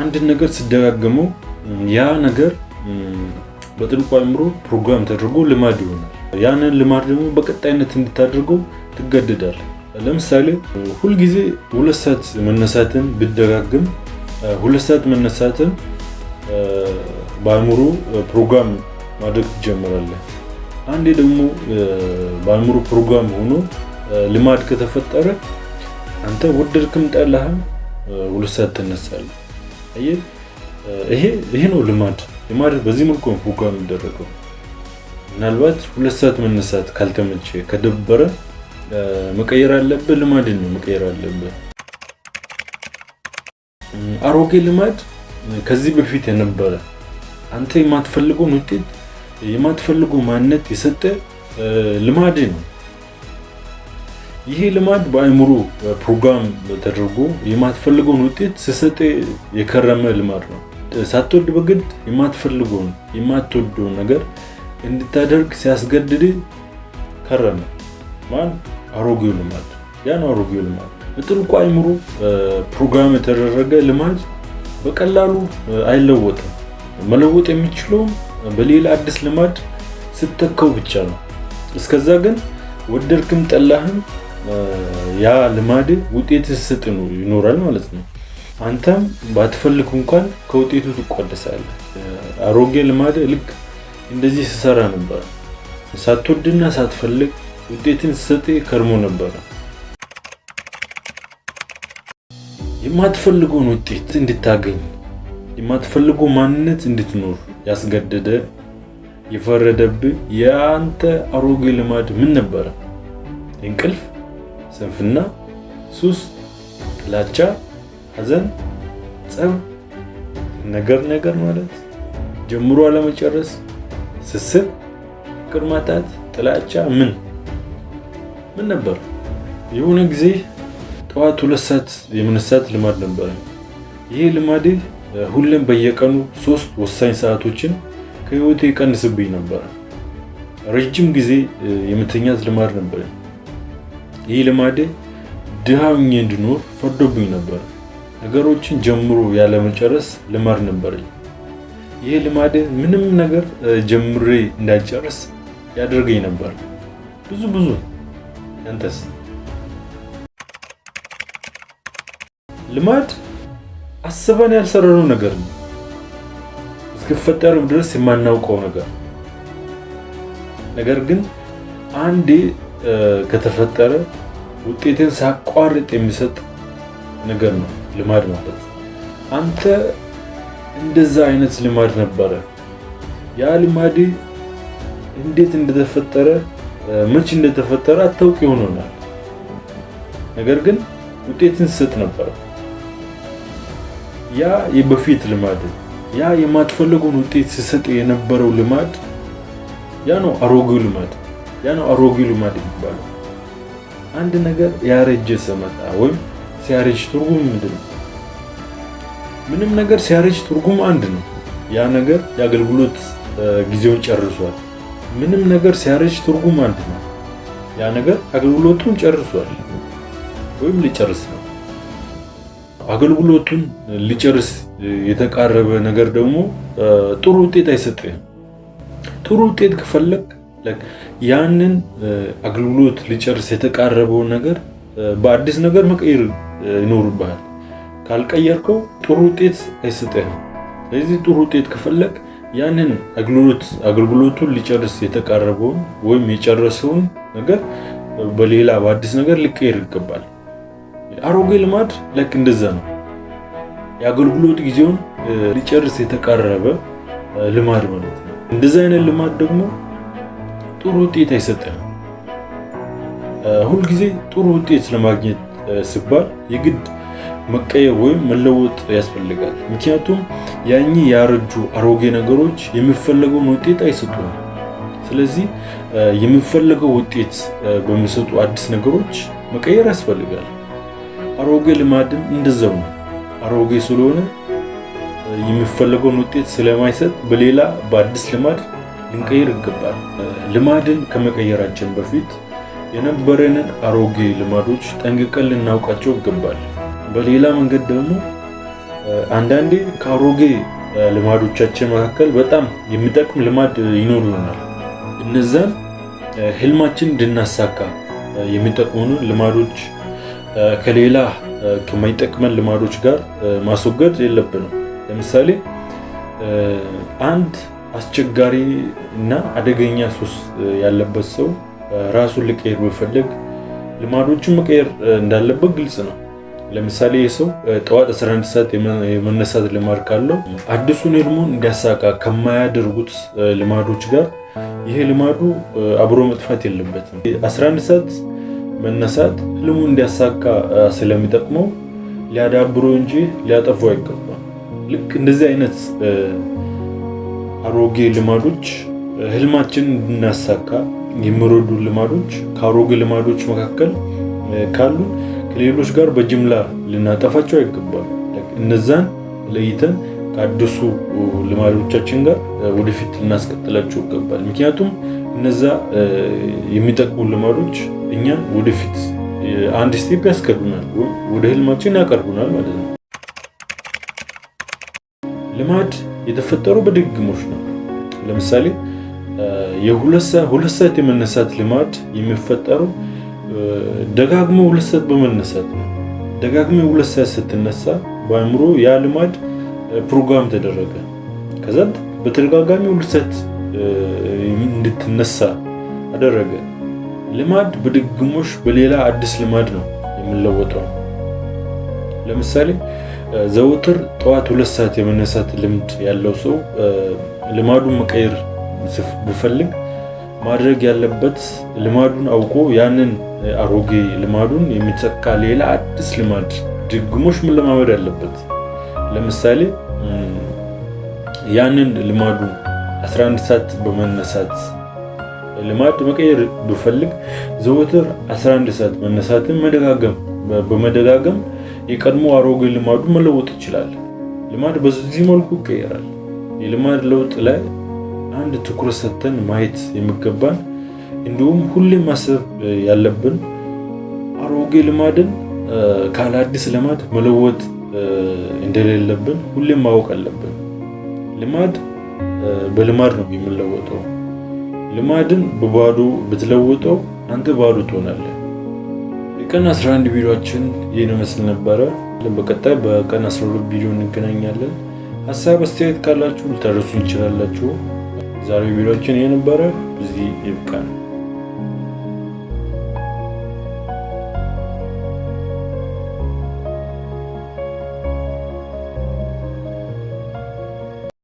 አንድን ነገር ስደጋግመው ያ ነገር በጥልቁ አእምሮ ፕሮግራም ተደርጎ ልማድ ይሆናል። ያንን ልማድ ደግሞ በቀጣይነት እንድታደርገው ትገደዳል። ለምሳሌ ሁልጊዜ ሁለት ሰዓት መነሳትን ብደጋግም ሁለት ሰዓት መነሳትን በአእምሮ ፕሮግራም ማድረግ ትጀምራለህ። አንዴ ደግሞ በአእምሮ ፕሮግራም ሆኖ ልማድ ከተፈጠረ አንተ ወደድክም ጠላህም ሁለት ሰዓት ትነሳለህ። ይሄ ነው ልማድ የማድረግ በዚህ መልኩ ነው የሚደረገው። ምናልባት ሁለት ሰዓት መነሳት ካልተመቸ ከደበረ መቀየር አለብህ፣ ልማድን ነው መቀየር አለብህ። አሮጌ ልማድ ከዚህ በፊት የነበረ አንተ የማትፈልገውን ውጤት የማትፈልገው ማንነት የሰጠ ልማድ ነው። ይሄ ልማድ በአይምሮ ፕሮግራም ተደርጎ የማትፈልገውን ውጤት ስሰጥ የከረመ ልማድ ነው። ሳትወድ በግድ የማትፈልገውን የማትወደውን ነገር እንድታደርግ ሲያስገድድ ከረመ ማን አሮጌው ልማድ ያን አሮጌው ልማድ በጥልቁ አይምሮ ፕሮግራም የተደረገ ልማድ በቀላሉ አይለወጥም። መለወጥ የሚችለውም በሌላ አዲስ ልማድ ስተካው ብቻ ነው። እስከዛ ግን ወደድክም ጠላህም ያ ልማድ ውጤት ስጥ ይኖራል ማለት ነው። አንተም ባትፈልግ እንኳን ከውጤቱ ትቋደሳለህ። አሮጌ ልማድ ልክ እንደዚህ ስሰራ ነበረ። ሳትወድና ሳትፈልግ ውጤትን ስሰጥ ከርሞ ነበረ። የማትፈልገውን ውጤት እንድታገኝ የማትፈልገው ማንነት እንድትኖር ያስገደደ የፈረደብህ የአንተ አሮጌ ልማድ ምን ነበረ? እንቅልፍ ስንፍና፣ ሱስ፣ ጥላቻ፣ ሐዘን፣ ጸብ፣ ነገር ነገር ማለት ጀምሮ አለመጨረስ፣ ስስት፣ ፍቅር ማጣት፣ ጥላቻ ምን ምን ነበር። የሆነ ጊዜ ጠዋት ሁለት ሰዓት የመነሳት ልማድ ነበረ። ይሄ ልማዴ ሁሌም በየቀኑ ሶስት ወሳኝ ሰዓቶችን ከህይወቴ ቀንስብኝ ነበረ። ረጅም ጊዜ የመተኛት ልማድ ነበረ። ይህ ልማዴ ድሃውኝ እንድኖር ፈርዶብኝ ነበር። ነገሮችን ጀምሮ ያለመጨረስ ልማድ ነበረኝ። ይህ ልማዴ ምንም ነገር ጀምሬ እንዳልጨርስ ያደርገኝ ነበር። ብዙ ብዙ። ያንተስ ልማድ አስበን ያልሰረነው ነገር ነው። እስክፈጠርም ድረስ የማናውቀው ነገር ነገር ግን አንዴ ከተፈጠረ ውጤትን ሳቋርጥ የሚሰጥ ነገር ነው ልማድ ማለት። አንተ እንደዛ አይነት ልማድ ነበረ። ያ ልማድ እንዴት እንደተፈጠረ መች እንደተፈጠረ አታውቅ ይሆናል። ነገር ግን ውጤትን ስጥ ነበረ። ያ የበፊት ልማድ ያ የማትፈልጉን ውጤት ሲሰጥ የነበረው ልማድ ያ ነው አሮጌው ልማድ ያ ነው አሮጌው ልማድ የሚባለው። አንድ ነገር ያረጀ ሰመጣ ወይም ሲያረጅ ትርጉም ምንድን ነው? ምንም ነገር ሲያረጅ ትርጉም አንድ ነው። ያ ነገር የአገልግሎት ጊዜውን ጨርሷል። ምንም ነገር ሲያረጅ ትርጉም አንድ ነው። ያ ነገር አገልግሎቱን ጨርሷል ወይም ሊጨርስ ነው። አገልግሎቱን ሊጨርስ የተቃረበ ነገር ደግሞ ጥሩ ውጤት አይሰጥም። ጥሩ ውጤት ከፈለግ ያንን uh, አገልግሎት ሊጨርስ የተቃረበውን ነገር uh, በአዲስ ነገር መቀየር uh, ይኖርብሃል። ካልቀየርከው ጥሩ ውጤት አይሰጠህም። ስለዚህ ጥሩ ውጤት ከፈለግ ያንን አገልግሎት አገልግሎቱን ሊጨርስ የተቃረበውን ወይም የጨረሰውን ነገር በሌላ በአዲስ ነገር ሊቀየር ይገባል። አሮጌ ልማድ ልክ እንደዛ ነው። የአገልግሎት ጊዜውን ሊጨርስ የተቃረበ ልማድ ማለት ነው። እንደዚህ አይነት ልማድ ደግሞ ጥሩ ውጤት አይሰጠንም። ሁልጊዜ ጥሩ ውጤት ለማግኘት ስባል የግድ መቀየር ወይም መለወጥ ያስፈልጋል። ምክንያቱም ያኚ ያረጁ አሮጌ ነገሮች የሚፈለገውን ውጤት አይሰጡም። ስለዚህ የሚፈለገው ውጤት በሚሰጡ አዲስ ነገሮች መቀየር ያስፈልጋል። አሮጌ ልማድም እንደዛው ነው። አሮጌ ስለሆነ የሚፈለገውን ውጤት ስለማይሰጥ በሌላ በአዲስ ልማድ ልንቀይር ይገባል። ልማድን ከመቀየራችን በፊት የነበረንን አሮጌ ልማዶች ጠንቅቀን ልናውቃቸው ይገባል። በሌላ መንገድ ደግሞ አንዳንዴ ከአሮጌ ልማዶቻችን መካከል በጣም የሚጠቅም ልማድ ይኖሩናል። እነዛን ህልማችን እንድናሳካ የሚጠቅሙን ልማዶች ከሌላ ከማይጠቅመን ልማዶች ጋር ማስወገድ የለብንም። ለምሳሌ አንድ አስቸጋሪ እና አደገኛ ሱስ ያለበት ሰው ራሱን ሊቀይር ቢፈልግ ልማዶችን መቀየር እንዳለበት ግልጽ ነው። ለምሳሌ የሰው ጠዋት 11 ሰዓት የመነሳት ልማድ ካለው አዲሱን ህልሙን እንዲያሳካ ከማያደርጉት ልማዶች ጋር ይሄ ልማዱ አብሮ መጥፋት የለበትም። 11 ሰዓት መነሳት ህልሙን እንዲያሳካ ስለሚጠቅመው ሊያዳብሮ እንጂ ሊያጠፉ አይገባም። ልክ እንደዚህ አይነት አሮጌ ልማዶች ህልማችንን እንድናሳካ የሚረዱ ልማዶች ከአሮጌ ልማዶች መካከል ካሉ ከሌሎች ጋር በጅምላ ልናጠፋቸው አይገባል። እነዛን ለይተን ከአዲሱ ልማዶቻችን ጋር ወደፊት ልናስቀጥላቸው ይገባል። ምክንያቱም እነዛ የሚጠቅሙ ልማዶች እኛን ወደፊት አንድ ስቴፕ ያስቀዱናል፣ ወደ ህልማችን ያቀርቡናል ማለት ነው ልማድ የተፈጠሩ በድግሞች ነው። ለምሳሌ ሁለት ሰዓት የመነሳት ልማድ የሚፈጠሩ ደጋግሞ ሁለት ሰዓት በመነሳት ነው። ደጋግሞ ሁለት ሰዓት ስትነሳ በአእምሮ ያ ልማድ ፕሮግራም ተደረገ። ከዛ በተደጋጋሚ ሁለት ሰዓት እንድትነሳ አደረገ። ልማድ በድግሞች በሌላ አዲስ ልማድ ነው የምንለወጠው። ለምሳሌ ዘውትር ጠዋት ሁለት ሰዓት የመነሳት ልምድ ያለው ሰው ልማዱን መቀየር ቢፈልግ ማድረግ ያለበት ልማዱን አውቆ ያንን አሮጌ ልማዱን የሚተካ ሌላ አዲስ ልማድ ድግሞች መለማመድ አለበት። ለምሳሌ ያንን ልማዱ 11 ሰዓት በመነሳት ልማድ መቀየር ብፈልግ ዘወትር 11 ሰዓት መነሳትን መደጋገም በመደጋገም የቀድሞ አሮጌ ልማዱ መለወጥ ይችላል። ልማድ በዚህ መልኩ ይቀየራል። የልማድ ለውጥ ላይ አንድ ትኩረት ሰጥተን ማየት የሚገባን እንዲሁም ሁሌ ማሰብ ያለብን አሮጌ ልማድን ካለ አዲስ ልማድ መለወጥ እንደሌለብን ሁሌም ማወቅ አለብን። ልማድ በልማድ ነው የምንለወጠው። ልማድን በባዶ ብትለውጠው አንተ ባዶ ትሆናለህ። የቀን 11 ቪዲዮችን ይህን መስል ነበረ። በቀጣይ በቀን 12 ቪዲዮ እንገናኛለን። ሀሳብ አስተያየት ካላችሁ ልታደርሱ ይችላላችሁ። ዛሬ ቪዲዮችን ይህ ነበረ። እዚህ ይብቃል።